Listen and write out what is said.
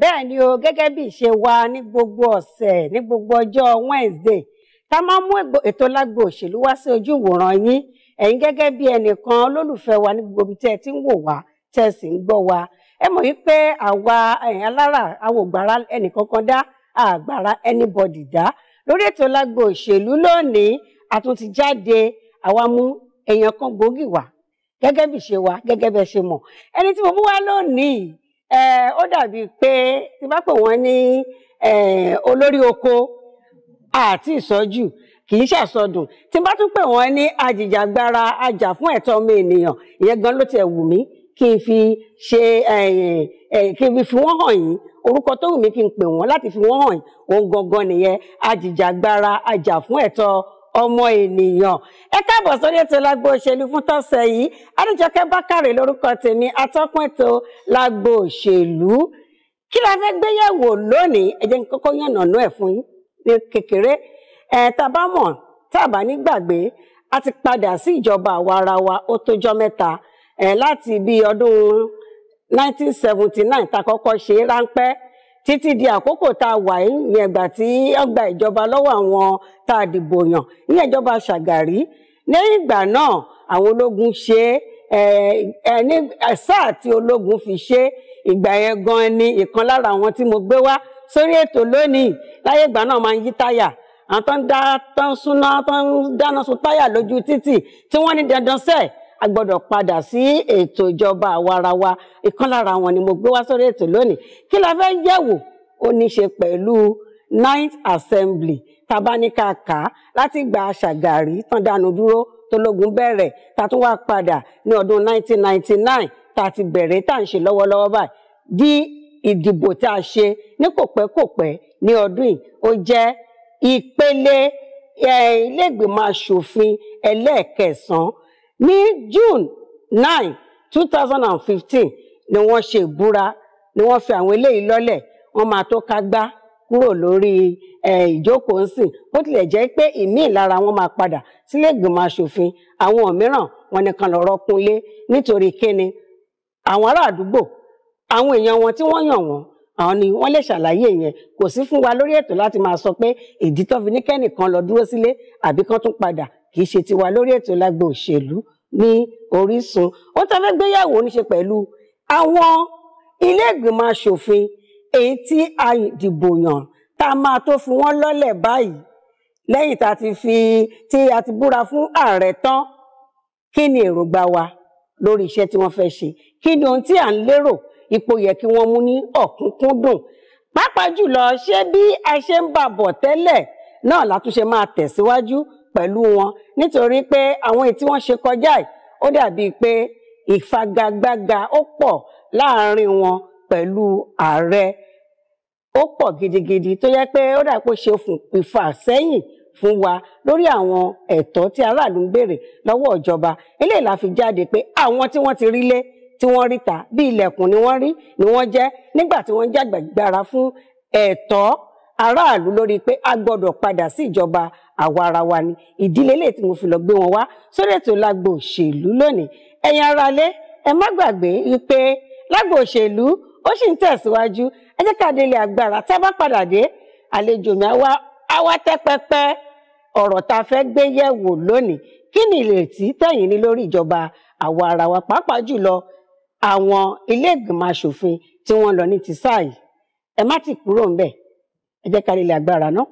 bẹ́ẹ̀ ni o gẹ́gẹ́ bí ìṣe wa ní gbogbo ọ̀sẹ̀ ní gbogbo ọjọ́ Wednesday tá a máa mú ètò lágbo òṣèlú wá sí ojú ìwòran yín ẹ̀yin gẹ́gẹ́ bí ẹnìkan olólùfẹ́ wa ní gbogbo ibi tẹ́ ẹ ti ń wò wá tẹ́ ẹ sì ń gbọ́ wa ẹ mọ̀ yí pé àwa ẹ̀yin alára àwògbára ẹnìkankan dá àgbàrá anybody dá lórí ètò lágbo òṣèlú lónìí àtún jáde àwa mú èèyàn kan gbòógì wá gẹ́gẹ́ bí ṣe wá gẹ́gẹ́ bẹ́ẹ̀ ṣe mọ̀ ẹni tí mo mú wá lónìí Eh, ó dàbí pé tí bá pè wọ́n ní eh, olórí oko àti ìsọ́jù kì í ṣàsọdùn tí bá tún pè wọ́n ní ajìjàgbara ajà fún ẹ̀tọ́ ọmọ ènìyàn ìyẹn gan ló tiẹ̀ wù mí kí n fi ṣe eh, kí n fi wọ́n hàn yín orúkọ tó wù mí kí n pè wọ́n láti fi wọ́n hàn yín òun gangan nìyẹn ajìjàgbara ajà fún ẹ̀tọ́ ọmọ ènìyàn ẹ káàbọ̀ sórí ètò lágbo òṣèlú fún tọ̀sẹ̀ yìí adéjọkẹ́ bákàrè lórúkọ tèmi atọ́kùn ètò lágbo òṣèlú kí la fẹ́ gbéyẹ̀wò lónìí ẹ jẹ́ kọ́kọ́ yànnàná ẹ̀ fún yín ní kékeré ẹ̀ tá a bá mọ̀ tá a bá a ti padà sí ìjọba àwarawa ó tójọ́ mẹ́ta ẹ̀ láti bí ọdún 1979 tá a kọ́kọ́ ṣe ráńpẹ́ títí di àkókò tá a wà yìí ní ẹgbà tí ó gba ìjọba lọ́wọ́ àwọn tá a dìbò yàn ní ìjọba ṣàgàrí lẹ́yìn ìgbà náà àwọn ológun ṣe ẹ ní sáà tí ológun fi ṣe ìgbà yẹn gan ni ìkan lára àwọn tí mo gbé wá sórí ètò lónìí láyé ìgbà náà máa ń yí táyà àwọn tó ń dáná sun táyà lójú títì tí wọ́n ní dandan sẹ́ẹ̀ a gbọ́dọ̀ padà sí ètò ìjọba àwarawa ìkan lára wọn ni mo gbé wá sórí ètò lónìí kí la fẹ́ ń yẹ̀wò ó ní ṣe pẹ̀lú ninth assembly tabaníkàkà láti gba Ṣàgàrí tán dánu dúró tológun bẹ̀rẹ̀ ta tún wá padà ní ọdún 1999 ta ti bẹ̀rẹ̀ tá à ń ṣe lọ́wọ́lọ́wọ́ báyìí di ìdìbò tá a ṣe ní kòpẹ́kòpẹ́ ní ọdún yìí ó jẹ́ ìpele ilé ìgbìmọ̀ asòfin ẹlẹ́ẹ̀kẹsàn-án ní June nine two thousand and fifteen ni wọ́n ṣe ìbúra ni wọ́n fi àwọn eléyìí lọ́lẹ̀ wọ́n máa tó kágbá kúrò lórí ìjókòó ńsìn bó tilẹ̀ jẹ́ pé ìmíì lára wọn máa padà sílé ìgbìmọ̀ asòfin àwọn mìíràn wọn nìkan lọ́rọ́ kúnlé nítorí kíni àwọn ará àdúgbò àwọn èèyàn wọn tí wọ́n yàn wọ́n àwọn ni wọ́n lè ṣàlàyé yẹn kò sí fún wa lórí ètò láti máa sọ pé ìdí ní kẹ́nìkan lọ dúró sílé àbí kán tún padà kì í ṣe tiwa lórí ètò lágbo òṣèlú ní Orísun ohun tá a fẹ́ gbéyàwó ní ṣe pẹ̀lú àwọn ilé ìgbìmọ̀ asòfin èyí tí a dìbò yàn tá a máa tó fi wọ́n lọ́lẹ̀ báyìí lẹ́yìn tá a ti fi tí a ti búra fún ààrẹ tán kí ni èròǹgbà wa lórí iṣẹ́ tí wọ́n fẹ́ ṣe kí ni ohun tí à ń lérò ipò yẹ kí wọ́n mú ní ọ̀kúnkúndùn pàápàá jùlọ ṣé bí a ṣe ń bàbọ̀ tẹ́lẹ̀ náà látúnṣe máa tẹ̀síwájú pẹ̀lú wọn nítorí pé àwọn èyí tí wọ́n ṣe kọjá yìí ó dàbíi pé ìfagagbága ó pọ̀ láàárín wọn pẹ̀lú ààrẹ ó pọ̀ gidigidi tó yẹ pé ó dàpọ̀ ṣe ìfàsẹ́yìn fún wa lórí àwọn ẹ̀tọ́ tí aráàlú ń béèrè lọ́wọ́ ìjọba eléyìí la fi jáde pé àwọn tí wọ́n ti rí lé tí wọ́n rí ta bí ilẹ̀kùn ni wọ́n rí ni wọ́n jẹ́ nígbà tí wọ́n jàgbàgbára fún ẹ̀tọ́ aráàlú lórí pé a gbọ́dọ̀ padà sí ìjọba àwa ara wa ni ìdílé lè tí mo fi lọ gbé wọn wá sórí ètò lágbo òṣèlú lónìí ẹ̀yin aráalé ẹ má gbàgbé wípé lágbo òṣèlú ó sì ń tẹ̀síwájú ẹ jẹ́ ká délé agbára tá a bá padà dé àlejò mi àwa àwa tẹ́ pẹpẹ ọ̀rọ̀ tá a fẹ́ gbé yẹ̀ wò lónìí kí ni ìrètí tẹ̀yin ní lórí ìjọba àwa ara wa pàápàá jùlọ àwọn ilé ìgbìmọ̀ asòfin tí wọ́n lọ ní ti sáà yìí ẹ má ti kúrò ńbẹ̀ ẹ jẹ́ ká rí ilẹ̀ agbára náà.